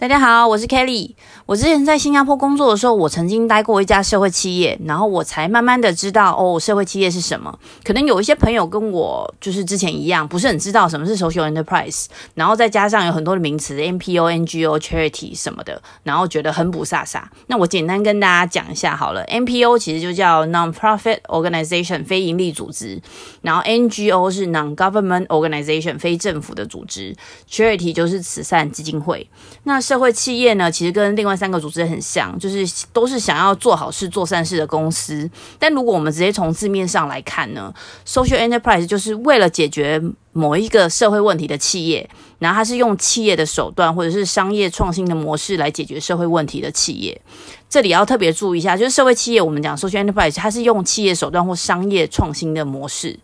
大家好，我是 Kelly。我之前在新加坡工作的時候，我曾經待過一家社會企業，然後我才慢慢的知道哦，社會企業是什麼。可能有一些朋友跟我就是之前一樣，不是很知道什麼是 social enterprise，然後再加上有很多的名詞，NPO、NGO、charity 什麼的，然後覺得很霧煞煞。那我簡單跟大家講一下好了，NPO 其實就叫 non-profit organization，非營利組織，然後 NGO 是 non-government organization，非政府的組織，charity 就是慈善基金會。那社會企業呢，其實跟另外三個組織很像，就是都是想要做好事、做善事的公司。但如果我們直接從字面上來看呢，social enterprise 就是為了解決某一個社會問題的企業，然後它是用企業的手段或者是商業創新的模式來解決社會問題的企業。這裡要特別注意一下，就是社會企業，我們講 social enterprise，它是用企業手段或商業創新的模式。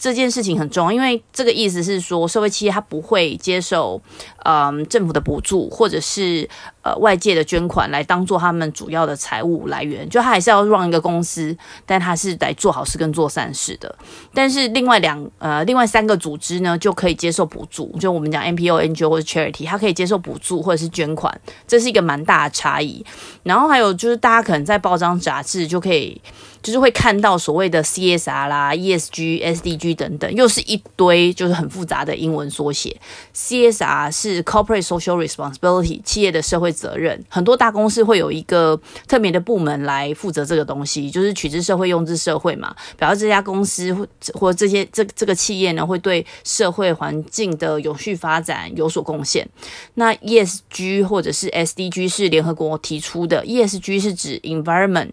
這件事情很重要，因為這個意思是說，社會企業它不會接受，嗯，政府的補助或者是呃外界的捐款來當作他們主要的財務來源，就它還是要 run 一個公司，但它是來做好事跟做善事的。但是另外兩呃另外三個組織呢，就可以接受補助，就我們講 NPO NGO 或者 charity，它可以接受補助或者是捐款，這是一個蠻大的差異。然後還有就是大家可能在報章雜誌就可以。就是會看到所謂的 CSR 啦、ESG、SDG 等等，又是一堆就是很複雜的英文縮寫。CSR 是 Corporate Social Responsibility，企業的社會責任，很多大公司會有一個特別的部門來負責這個東西，就是取之社會，用之社會嘛，表示這家公司或這些這這個企業呢會對社會環境的永續發展有所貢獻。那 ESG 或者是 SDG 是聯合國提出的，ESG 是指 Environment。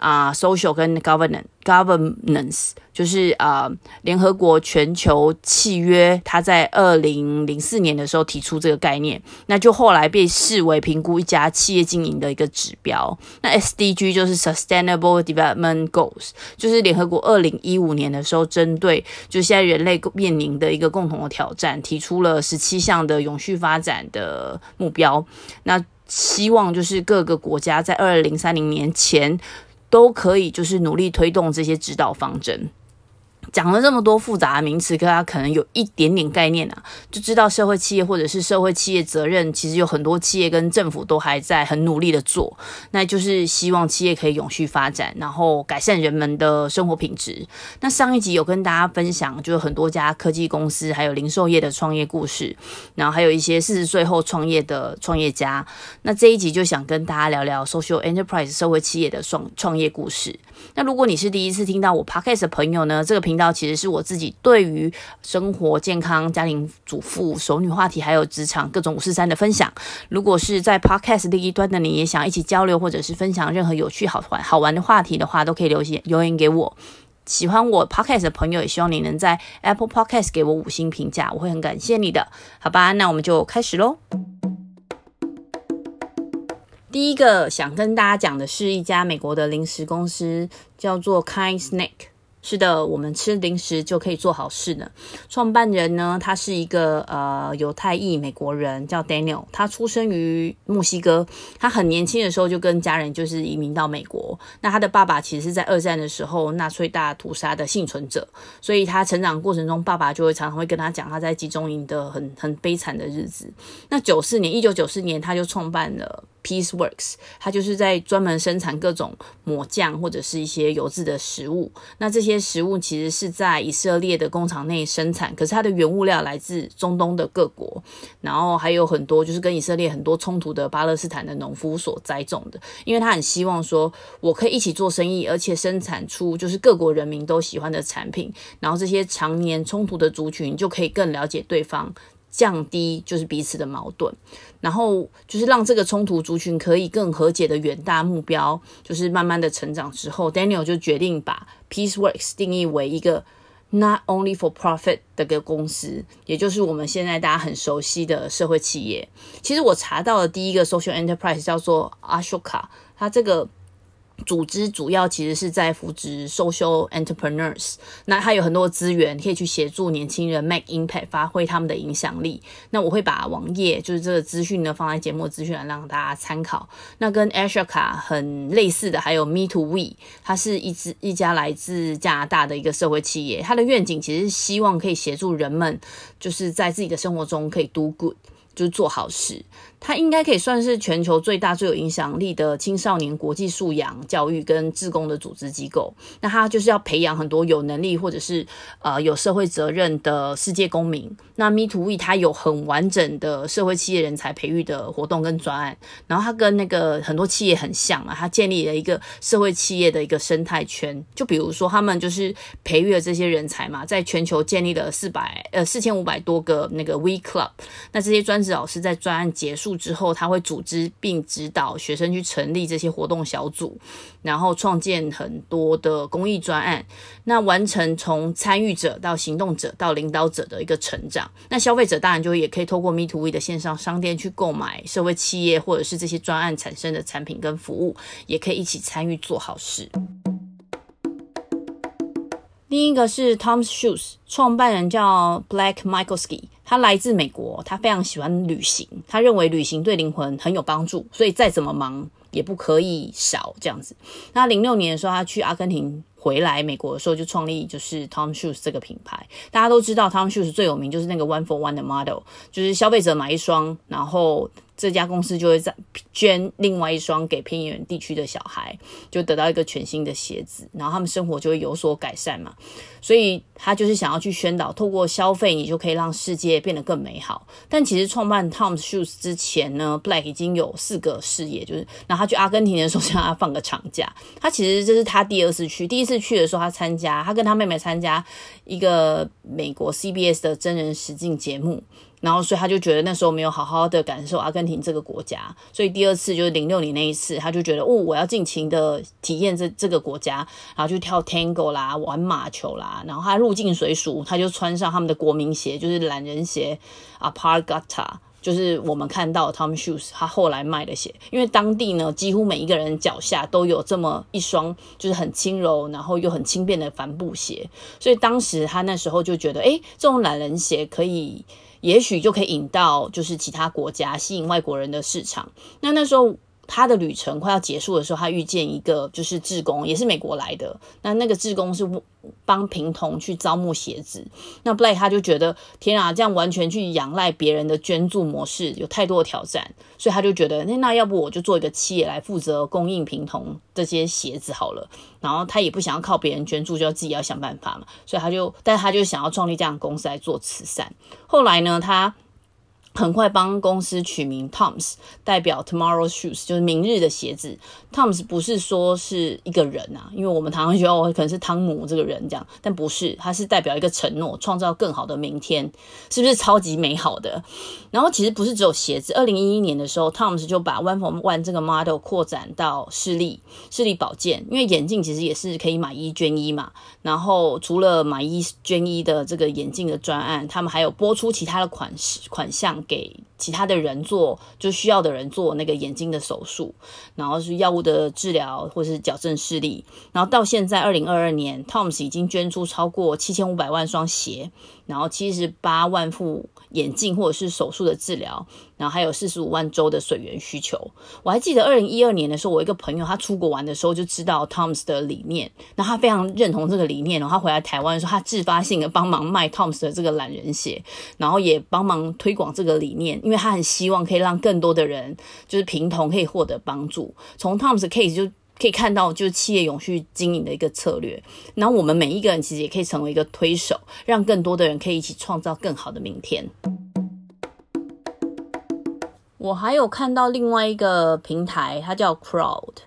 啊、uh, social 跟 governance governance 就是啊，uh, 聯合國全球契約，它在二零零四年的時候提出這個概念，那就後來被視為評估一家企業經營的一個指標。那 SDG 就是 sustainable development goals，就是聯合國二零一五年的時候，針對就現在人類面臨的一個共同的挑戰，提出了十七項的永續發展的目標。那希望就是各個國家在二零三零年前。都可以，就是努力推動這些指導方針。講了這麼多複雜的名詞，跟大家可能有一點點概念啊，就知道社會企業或者是社會企業責任，其實有很多企業跟政府都還在很努力的做，那就是希望企業可以永續發展，然後改善人們的生活品質。那上一集有跟大家分享，就是很多家科技公司還有零售業的創業故事，然後還有一些四十歲後創業的創業家。那這一集就想跟大家聊聊 social enterprise 社會企業的創創業故事。那如果你是第一次聽到我 podcast 的朋友呢，這個平其實是我自己對於生活、健康、家庭主婦、熟女話題，還有職場各種五四三的分享。如果是在 Podcast 第一端的你，也想一起交流或者是分享任何有趣、好玩、好玩的話題的話，都可以留言留言給我。喜歡我 Podcast 的朋友，也希望你能在 Apple Podcast 給我五星評價，我會很感謝你的。好吧，那我們就開始嘍。第一個想跟大家講的是一家美國的零食公司，叫做 Kind Snack。是的，我們吃零食就可以做好事呢。創辦人呢，他是一個呃猶太裔美國人，叫 Daniel。他出生於墨西哥，他很年輕的時候就跟家人就是移民到美國。那他的爸爸其實是在二戰的時候納粹大屠殺的倖存者，所以他成長過程中，爸爸就會常常會跟他講他在集中營的很很悲慘的日子。那九四年，一九九四年，他就創辦了。Peace Works，它就是在專門生產各種抹醬或者是一些油脂的食物。那這些食物其實是在以色列的工廠內生產，可是它的原物料來自中東的各國，然後還有很多就是跟以色列很多衝突的巴勒斯坦的農夫所栽種的。因為他很希望說，我可以一起做生意，而且生產出就是各國人民都喜歡的產品，然後這些常年衝突的族群就可以更了解對方。降低就是彼此的矛盾，然後就是讓這個衝突族群可以更和解的遠大目標，就是慢慢的成長之後，Daniel 就決定把 Peace Works 定義為一個 Not Only for Profit 的一個公司，也就是我們現在大家很熟悉的社會企業。其實我查到的第一個 Social Enterprise 叫做 Ashoka，它這個組織主要其實是在扶植 social entrepreneurs。那它有很多資源可以去協助年輕人 make impact，發揮他們的影響力。那我會把網頁就是這個資訊呢放在節目資訊欄，讓大家參考。那跟 Ashoka 很類似的還有 Me to We，它是一支一家來自加拿大的一個社會企業，它的願景其實是希望可以協助人們就是在自己的生活中可以 do good。就是做好事，他應該可以算是全球最大最有影響力的青少年國際素養教育跟志工的組織機構。那他就是要培養很多有能力或者是呃有社會責任的世界公民。那 Me to We 他有很完整的社會企業人才培育的活動跟專案，然後他跟那個很多企業很像嘛，他建立了一個社會企業的一個生態圈。就比如說他們就是培育了這些人才嘛，在全球建立了四百呃四千五百多個那個 V Club，那這些專甚至老師在專案結束之後，他會組織並指導學生去成立這些活動小組，然後創建很多的公益專案，那完成從參與者到行動者到領導者的一個成長。那消費者當然就也可以透過 me to we 的線上商店去購買社會企業或者是這些專案產生的產品跟服務，也可以一起參與做好事。第一個是 Tom's Shoes，創辦人叫 Blake Mycoskie，e 他來自美國，他非常喜歡旅行，他認為旅行對靈魂很有幫助，所以再怎麼忙也不可以少這樣子。那零六年的時候，他去阿根廷回來美國的時候就創立就是 Tom's Shoes 這個品牌。大家都知道 Tom's Shoes 最有名就是那個 One for One 的 model，就是消費者買一雙，然後這家公司就會在捐另外一雙給偏遠地區的小孩，就得到一個全新的鞋子，然後他們生活就會有所改善嘛。所以他就是想要去宣導，透過消費你就可以讓世界變得更美好。但其實創辦 TOMS Shoes 之前呢，Blake 已經有四個事業，就是然後他去阿根廷的時候，想要他放個長假。他其實這是他第二次去，第一次去的時候他參加，他跟他妹妹參加一個美國 CBS 的真人實境節目。然後，所以他就覺得那時候沒有好好的感受阿根廷這個國家，所以第二次就是零六年那一次，他就覺得，哦，我要盡情的體驗這這個國家，然後就跳 tango 啦，玩馬球啦，然後他入境隨俗，他就穿上他們的國民鞋，就是懶人鞋，阿帕爾加塔。就是我們看到 Tom Shoes 他後來賣的鞋，因為當地呢幾乎每一個人腳下都有這麼一雙，就是很輕柔，然後又很輕便的帆布鞋，所以當時他那時候就覺得，哎，這種懶人鞋可以，也許就可以引到就是其他國家，吸引外國人的市場。那那時候。他的旅程快要結束的時候，他遇見一個就是志工，也是美國來的。那那個志工是幫貧童去招募鞋子。那 Blake 他就覺得天啊，這樣完全去仰賴別人的捐助模式有太多的挑戰，所以他就覺得，那要不我就做一個企業來負責供應貧童這些鞋子好了。然後他也不想要靠別人捐助，就要自己要想辦法嘛。所以他就，但他就想要創立這樣公司來做慈善。後來呢，他。很快幫公司取名 TOMS，代表 Tomorrow Shoes，就是明日的鞋子。TOMS 不是說是一個人啊，因為我們常常覺得，哦，可能是湯姆這個人這樣，但不是，他是代表一個承諾，創造更好的明天，是不是超級美好的？然後其實不是只有鞋子。二零一一年的時候，TOMS 就把 One for One 這個 model 擴展到視力視力保健，因為眼鏡其實也是可以買一捐一嘛。然後除了買一捐一的這個眼鏡的專案，他們還有撥出其他的款式款項。給其他的人做，就需要的人做那個眼睛的手術，然後是藥物的治療或是矯正視力。然後到現在二零二二年，TOMS 已經捐出超過七千五百萬雙鞋，然後七十八萬副。眼鏡或者是手術的治療，然後還有四十五萬周的水源需求。我還記得二零一二年的時候，我一個朋友他出國玩的時候就知道 TOMS 的理念，那他非常認同這個理念，然後他回來台灣的時候，他自發性的幫忙賣 TOMS 的這個懶人鞋，然後也幫忙推廣這個理念，因為他很希望可以讓更多的人就是平同可以獲得幫助。從 TOMS case 就。可以看到，就是企業永續經營的一個策略。然後我們每一個人其實也可以成為一個推手，讓更多的人可以一起創造更好的明天。我還有看到另外一個平台，它叫 Crowde，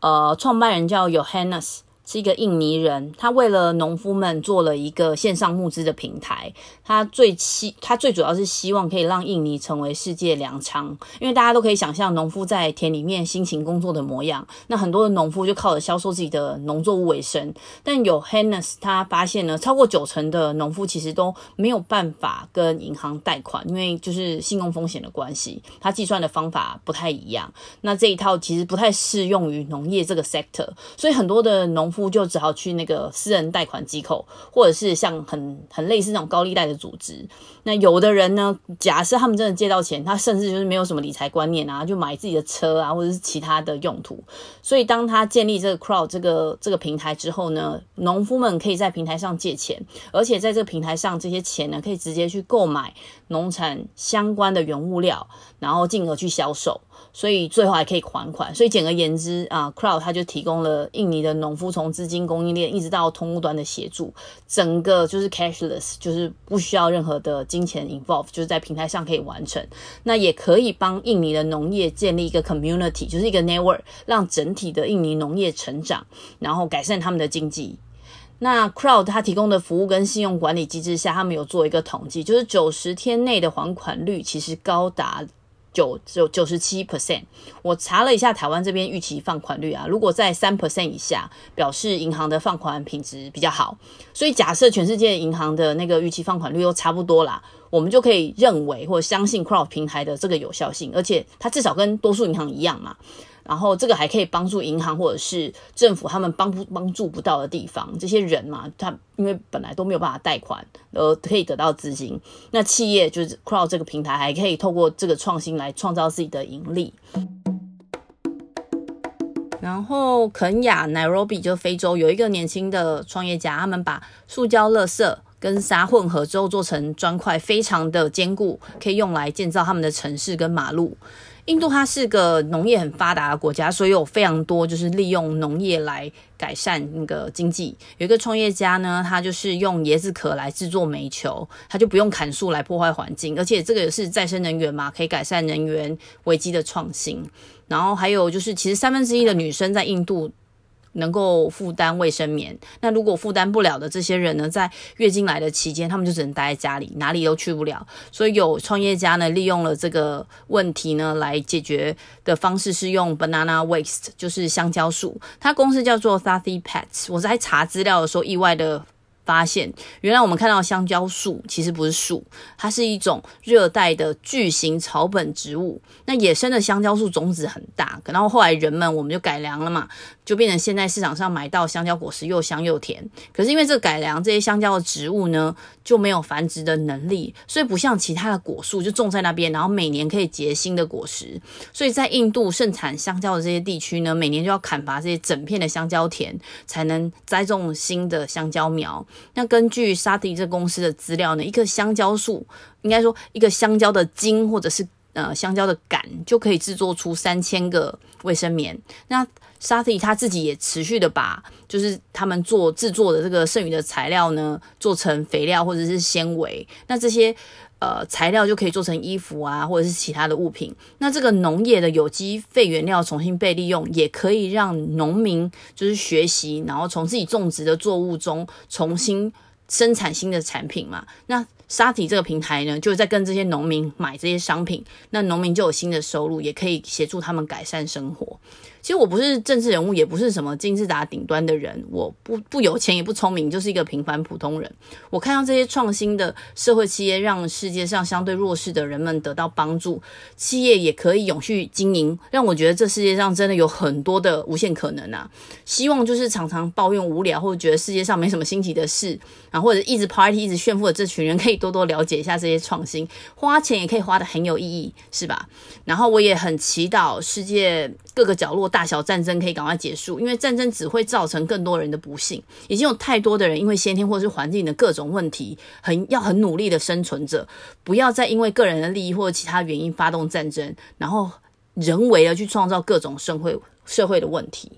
呃，創辦人叫 Yohannes。是一個印尼人，他為了農夫們做了一個線上募資的平台。他最期，他最主要是希望可以讓印尼成為世界糧倉，因為大家都可以想象農夫在田裡面辛勤工作的模樣。那很多的農夫就靠着銷售自己的農作物為生。但有 Yohanes 他發現呢，超過九成的農夫其實都沒有辦法跟銀行貸款，因為就是信用風險的關係，他計算的方法不太一樣。那這一套其實不太適用於農業這個 sector，所以很多的農夫就只好去那個私人貸款機構，或者是像很很類似那種高利貸的組織。那有的人呢，假設他們真的借到錢，他甚至就是沒有什麼理財觀念啊，就買自己的車啊，或者是其他的用途。所以，當他建立這個 Crowde 這個這個平台之後呢，農夫們可以在平台上借錢，而且在這個平台上，這些錢呢可以直接去購買農產相關的原物料，然後進而去銷售。所以最後還可以還款，所以簡而言之啊，Crowde 它就提供了印尼的農夫從資金供應鏈一直到通路端的協助，整個就是 cashless，就是不需要任何的金錢 involve，就是在平台上可以完成。那也可以幫印尼的農業建立一個 community，就是一個 network，讓整體的印尼農業成長，然後改善他們的經濟。那 Crowde 它提供的服務跟信用管理機制下，他們有做一個統計，就是九十天內的還款率其實高達。九，只有九十七 percent，我查了一下台灣這邊預期放款率啊，如果在三 percent 以下，表示銀行的放款品質比較好。所以假設全世界銀行的那個預期放款率都差不多啦，我們就可以認為或相信 Crowde 平台的這個有效性，而且它至少跟多數銀行一樣嘛。然後這個還可以幫助銀行或者是政府他們幫不幫助不到的地方，這些人嘛，他因為本來都沒有辦法貸款，而可以得到資金。那企業就是 Crowde 這個平台還可以透過這個創新來創造自己的盈利。然後肯亞 Nairobi，就非洲有一個年輕的創業家，他們把塑膠垃圾。跟沙混合之後做成磚塊，非常的堅固，可以用來建造他們的城市跟馬路。印度它是個農業很發達的國家，所以有非常多就是利用農業來改善那個經濟。有一個創業家呢，他就是用椰子殼來製作煤球，他就不用砍樹來破壞環境，而且這個也是再生能源嘛，可以改善能源危機的創新。然後還有就是，其實三分之一的女生在印度。能夠負擔衛生棉。那如果負擔不了的這些人呢，在月經來的期間，他們就只能待在家裡，哪裡都去不了。所以有創業家呢，利用了這個問題呢來解決的方式是用 banana waste，就是香蕉樹。它公司叫做 Saathi Pads。我在查資料的時候意外的發現，原來我們看到香蕉樹其實不是樹，它是一種熱帶的巨型草本植物。那野生的香蕉樹種子很大，然後後來人們我們就改良了嘛。就變成現在市場上買到香蕉果實又香又甜，可是因為這個改良，這些香蕉的植物呢就沒有繁殖的能力，所以不像其他的果樹，就種在那邊，然後每年可以結新的果實。所以在印度盛產香蕉的這些地區呢，每年就要砍伐這些整片的香蕉田，才能栽種新的香蕉苗。那根據沙迪這公司的資料呢，一棵香蕉樹，應該說一個香蕉的莖或者是。呃，香蕉的桿就可以製作出三千個衛生棉。那沙 h 他自己也持續的把，就是他們做製作的這個剩餘的材料呢，做成肥料或者是纖維。那這些呃材料就可以做成衣服啊，或者是其他的物品。那這個農業的有機廢原料重新被利用，也可以讓農民就是學習，然後從自己種植的作物中重新生產新的產品嘛。那沙提這個平台呢，就在跟這些農民買這些商品，那農民就有新的收入，也可以協助他們改善生活。其實我不是政治人物，也不是什麼金字塔頂端的人，我不不有錢，也不聰明，就是一個平凡普通人。我看到這些創新的社會企業，讓世界上相對弱勢的人們得到幫助，企業也可以永續經營，讓我覺得這世界上真的有很多的無限可能啊！希望就是常常抱怨無聊，或者覺得世界上沒什麼新奇的事，然後或者一直 party，一直炫富的這群人，可以多多了解一下這些創新，花錢也可以花得很有意義，是吧？然後我也很祈禱世界各個角落。大小戰爭可以趕快結束，因為戰爭只會造成更多人的不幸。已經有太多的人因為先天或是環境的各種問題，很要很努力的生存着。不要再因為個人的利益或者其他原因發動戰爭，然後人為的去創造各種社會社會的問題。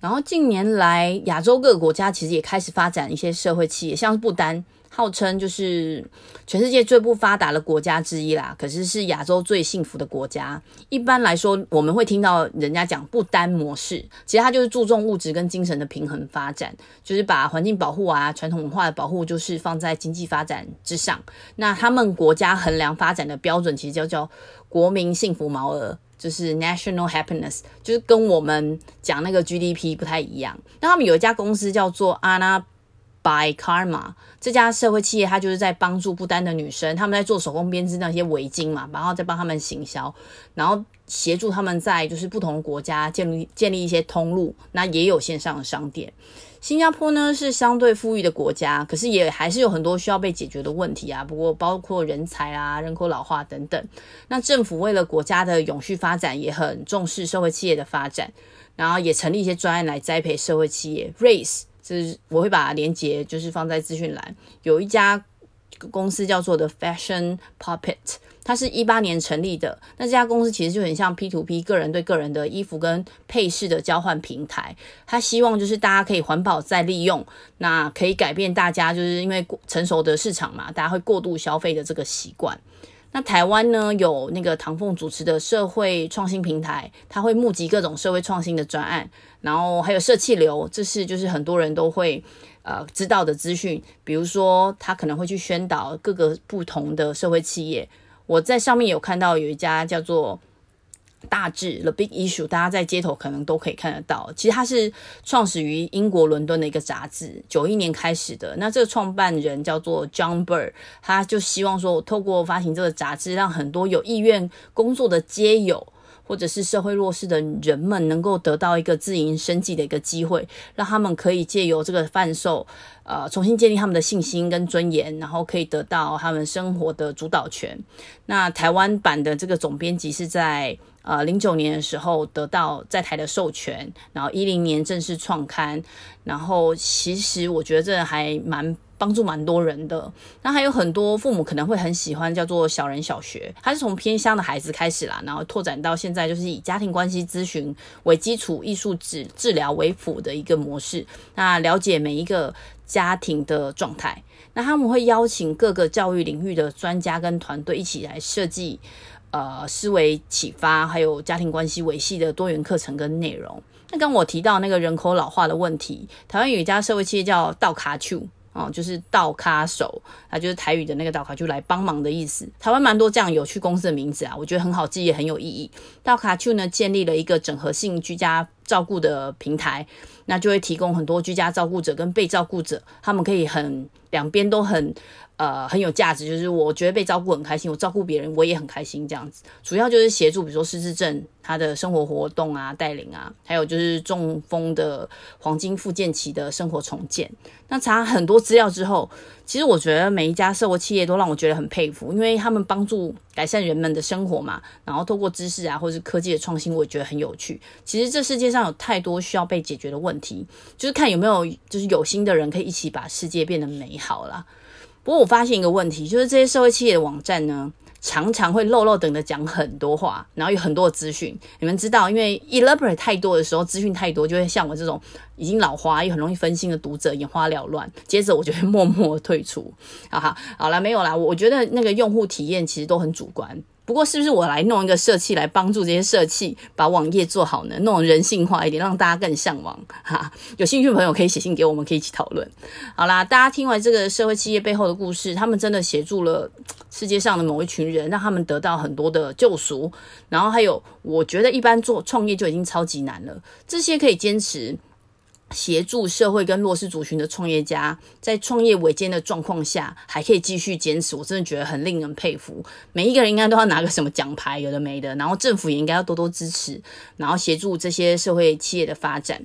然後近年來，亞洲各個國家其實也開始發展一些社會企業，像是不丹。號稱就是全世界最不發達的國家之一啦，可是是亞洲最幸福的國家。一般來說，我們會聽到人家講不丹模式，其實它就是注重物質跟精神的平衡發展，就是把環境保護啊、傳統文化的保護，就是放在經濟發展之上。那他們國家衡量發展的標準，其實叫叫國民幸福毛額，就是 National Happiness，就是跟我們講那個 GDP 不太一樣。那他們有一家公司叫做 ANA。By Karma，這家社會企業，它就是在幫助不丹的女生，他們在做手工編織那些圍巾嘛，然後再幫他們行銷，然後協助他們在就是不同的國家建立建立一些通路。那也有線上的商店。新加坡呢是相對富裕的國家，可是也還是有很多需要被解決的問題啊。不過包括人才啊、人口老化等等，那政府為了國家的永續發展，也很重視社會企業的發展，然後也成立一些專案來栽培社會企業。raiSE。就是我會把鏈接，就是放在資訊欄。有一家公司叫做 The Fashion Pulpit，它是一八年成立的。那這家公司其實就很像 P to P 個人對個人的衣服跟配飾的交換平台。它希望就是大家可以環保再利用，那可以改變大家就是因為成熟的市場嘛，大家會過度消費的這個習慣。那台灣呢？有那個唐鳳主持的社會創新平台，它會募集各種社會創新的專案，然後還有社企流，這是就是很多人都會呃知道的資訊。比如說，他可能會去宣導各個不同的社會企業。我在上面有看到有一家叫做。大誌《The Big Issue》，大家在街頭可能都可以看得到。其實它是創始於英國倫敦的一個雜誌，九一年開始的。那這個創辦人叫做 John Bird，他就希望說，透過發行這個雜誌，讓很多有意願工作的街友或者是社會弱勢的人們，能夠得到一個自營生計的一個機會，讓他們可以借由這個販售，呃，重新建立他們的信心跟尊嚴，然後可以得到他們生活的主導權。那台灣版的這個總編輯是在。呃，零九年的時候得到在台的授權，然後一零年正式創刊，然後其實我覺得這還蠻幫助蠻多人的。那還有很多父母可能會很喜歡叫做小人小學，他是從偏鄉的孩子開始啦，然後拓展到現在就是以家庭關係諮詢為基礎、藝術治治療為輔的一個模式。那了解每一個家庭的狀態，那他們會邀請各個教育領域的專家跟團隊一起來設計。呃，思維啟發，還有家庭關係維繫的多元課程跟內容。那剛我提到那個人口老化的問題，台灣有一家社會企業叫到咖手啊、嗯，就是到咖手，啊，就是台語的那個到咖手來幫忙的意思。台灣蠻多這樣有趣公司的名字啊，我覺得很好記也很有意義。到咖手呢，建立了一個整合性居家照顧的平台，那就會提供很多居家照顧者跟被照顧者，他們可以很。兩邊都很呃很有價值，就是我覺得被照顧很開心，我照顧別人我也很開心這樣子。主要就是協助，比如說失智症他的生活活動啊、帶領啊，還有就是中風的黃金復健期的生活重建。那查很多資料之後，其實我覺得每一家社會企業都讓我覺得很佩服，因為他們幫助改善人們的生活嘛。然後透過知識啊，或者是科技的創新，我也覺得很有趣。其實這世界上有太多需要被解決的問題，就是看有沒有就是有心的人可以一起把世界變得美好。好啦，不過我發現一個問題，就是這些社會企業的網站呢，常常會漏漏等的講很多話，然後有很多的資訊。你們知道，因為 elaborate 太多的時候，資訊太多，就會像我這種已經老花又很容易分心的讀者眼花繚亂。接着我就會默默的退出。哈哈，好啦，沒有啦。我覺得那個用戶體驗其實都很主觀。不過，是不是我來弄一個社企來幫助這些社企把網頁做好呢？弄人性化一點，讓大家更嚮往。哈，有興趣的朋友可以寫信給我，我們可以一起討論。好啦，大家聽完這個社會企業背後的故事，他們真的協助了世界上的某一群人，讓他們得到很多的救贖。然後還有，我覺得一般做創業就已經超級難了，這些可以堅持協助社會跟弱勢族群的創業家，在創業維艱的狀況下，還可以繼續堅持，我真的覺得很令人佩服。每一個人應該都要拿個什麼獎牌，有的沒的。然後政府也應該要多多支持，然後協助這些社會企業的發展。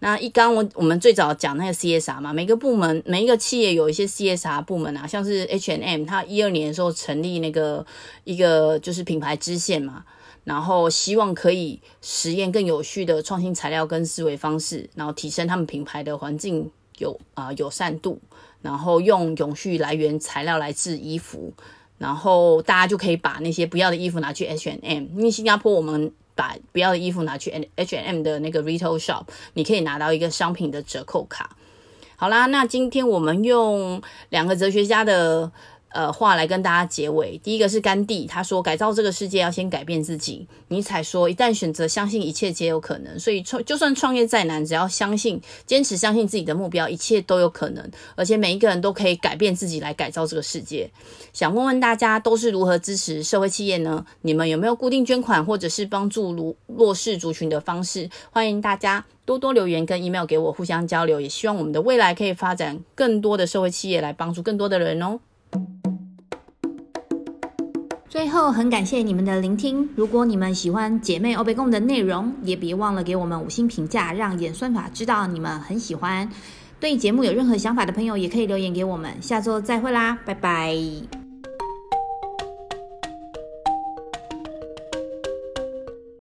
那一，剛剛我，我們最早講那個 CSR 嘛，每個部門每一個企業有一些 CSR 部門啊，像是 H&M，它一二年的時候成立那個一個就是品牌支線嘛。然後希望可以實驗更有序的創新材料跟思維方式，然後提升他們品牌的環境友啊友善度，然後用永續來源材料來製衣服，然後大家就可以把那些不要的衣服拿去 H&M，因為新加坡我們把不要的衣服拿去 H&M 的那個 retail shop，你可以拿到一個商品的折扣卡。好啦,那今天我們用兩個哲學家的。呃，話來跟大家結尾。第一個是甘地，他說改造這個世界要先改變自己。尼采說，一旦選擇相信，一切皆有可能。所以創，就算創業再難，只要相信、堅持相信自己的目標，一切都有可能。而且每一個人都可以改變自己來改造這個世界。想問問大家，都是如何支持社會企業呢？你們有沒有固定捐款，或者是幫助如弱勢族群的方式？歡迎大家多多留言跟 email 給我，互相交流。也希望我們的未來可以發展更多的社會企業來幫助更多的人哦。最後，很感謝你們的聆聽。如果你們喜歡姐妹歐北共的內容，也別忘了給我們五星評價，讓演算法知道你們很喜歡。對節目有任何想法的朋友，也可以留言給我們。下周再會啦，拜拜。